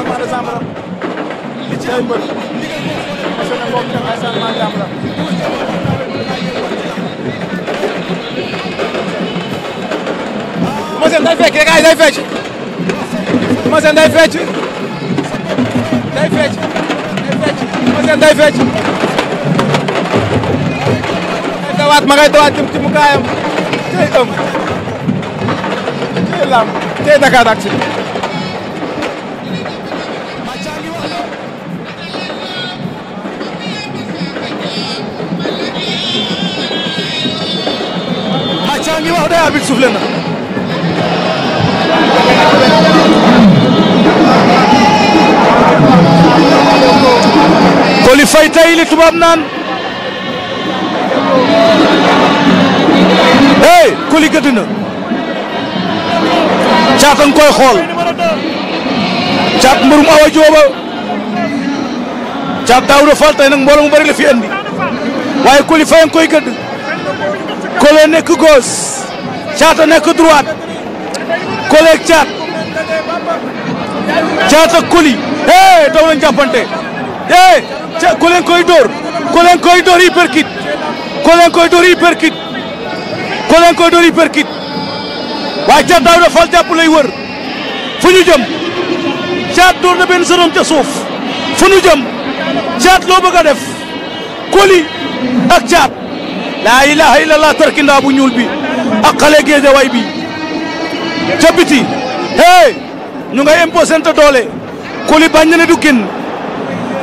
également de Sambara li ci ay mbër parce que bokk na ay également de Sambara Massène day fecc rek ay day fecc Massène day fecc day fecc day fecc Massène day fecc day dawaat ma ngay dawaat jëm ci mu kaayam tey ëm tey lam tey Dakar Actu ñoo ngi wax day li tubaab naan hey Coly gëdd na caat nga koy xool caat mbërum awa jooba caat daawuda fal tey nag mbooloo mu bari la fi andi waaye Coly Faye nga koy gëdd Collé nekk gauche Thiatta nekk droite Collé ak Thiat Thiatta Coly eh daw nañ jàppante eh ca Collé koy dóor Collé koy dóor hyperkit Collé koy dóor hyperkit Collé koy dóor hyperkit waaye Thiat daaw na jàpp lay wër fu ñu jëm Thiat dóor na benn sëram ca suuf fu ñu jëm Thiat loo bëgg a def Coly ak Thiat. laa ilaha illallah tarkindaa bu ñuul bi ak xale géeja way bi ca biti ñu ngay imposé te doole Coly bañ ne du génn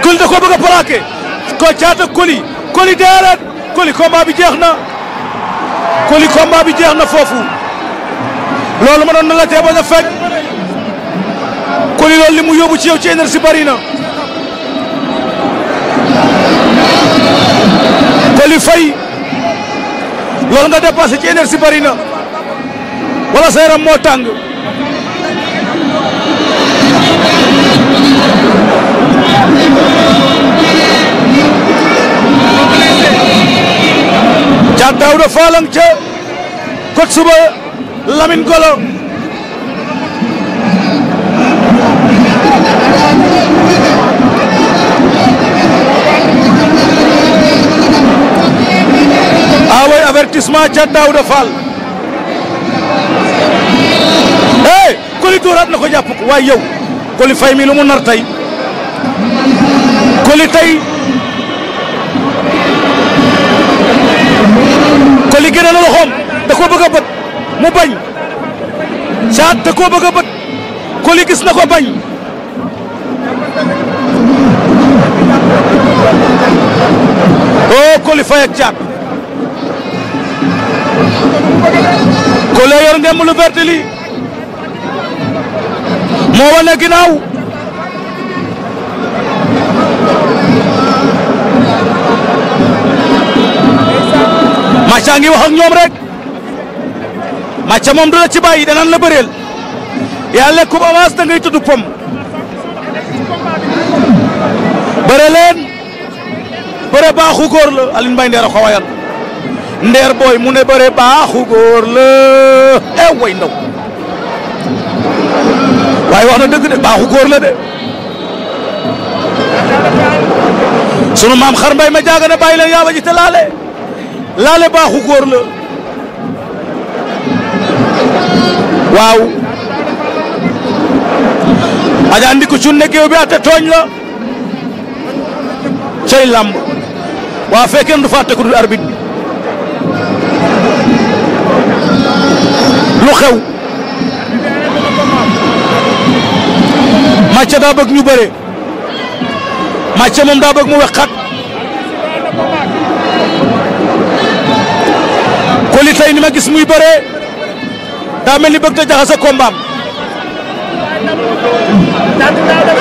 Coly da ko bëgg a ko caata Coly Coly déedéet Coly combat bi jeex na Coly combat bi jeex na foofu loolu ma doon na la tee fekk Coly loolu mu yóbbu ci yow ci énergie bari na Coly Faye loolu nga dépassé ci énergie bari na wala sa yaram moo tàng ca Daouda Falang ca kot suba Lamine Golo avertissement Thiat Daouda Fall hey Coly dóoraat na ko jàpp ko waaye yow Coly Faye mi mu nar tey Coly tey Coly génne na loxoom da koo bëgg bët mu bañ Thiat da koo bëgg bët Coly gis na ko bañ oh Coly Faye ak Thiat Colle yor ngemb lu vert li moo wane ginnaaw Macha ngi waxak ak ñoom rek Macha moom du la ci bàyyi danaan la bëreel yàlla ku avance da ngay tudd pom bëre leen bëre baaxu góor la Alioune Mbaye Nder a wayal ndeer booy mu ne bëre baaxu góor la eh way ndaw waaye wax na dëgg de baaxu góor la de sunu maam xar mbay ma jaaga ne bàyyi leen yaa ji te laale laale baaxu góor la waaw aja andi ko cunne géew bi ate tooñ la cay lamb waa fekkeen du fàtte ku dul arbitre lu xew Mathia daa bëgg ñu bëre Mathia moom daa bëgg mu wexxat Coly tey ni ma gis muy bëre daa mel ni bëgg na jaxase combat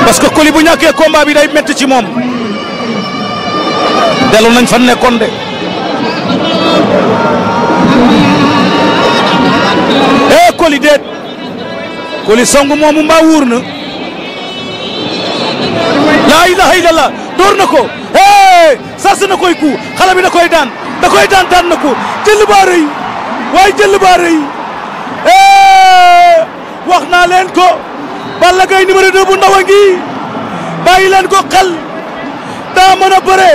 parce que Coly bu ñàkkee combat bi day metti ci moom dellu nañ fan nekkoon de. Coly déet Coly song moomu mbaa wóor na laa ilaha illallah door na ko hey sas na koy ku xale bi da koy daan da koy daan daan na ko jël baa rëy waaye jël baa rëy wax naa leen ko Balla Gaye numéro 2 bu ndaw a leen ko xel daa mën a bëre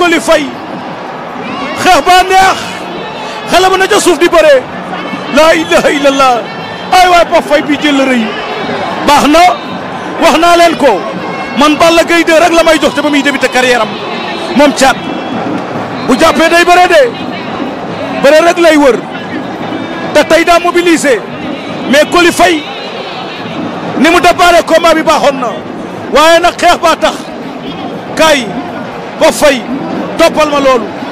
Coly Faye xeex ba neex xale ba na ca suuf di bëre laa ilaha illallah ay waay Pape Faye bii jël rëy baax na wax naa leen ko man Balla la 2 rek la may jox te ba muy débuté carrière am moom caat bu jàppee day bëre de bëre rek lay wër te tey daa mobilisé mais koli fay ni mu déparé combat bi baaxoon na waaye nag xeex baa tax kay Pape Faye toppal ma loolu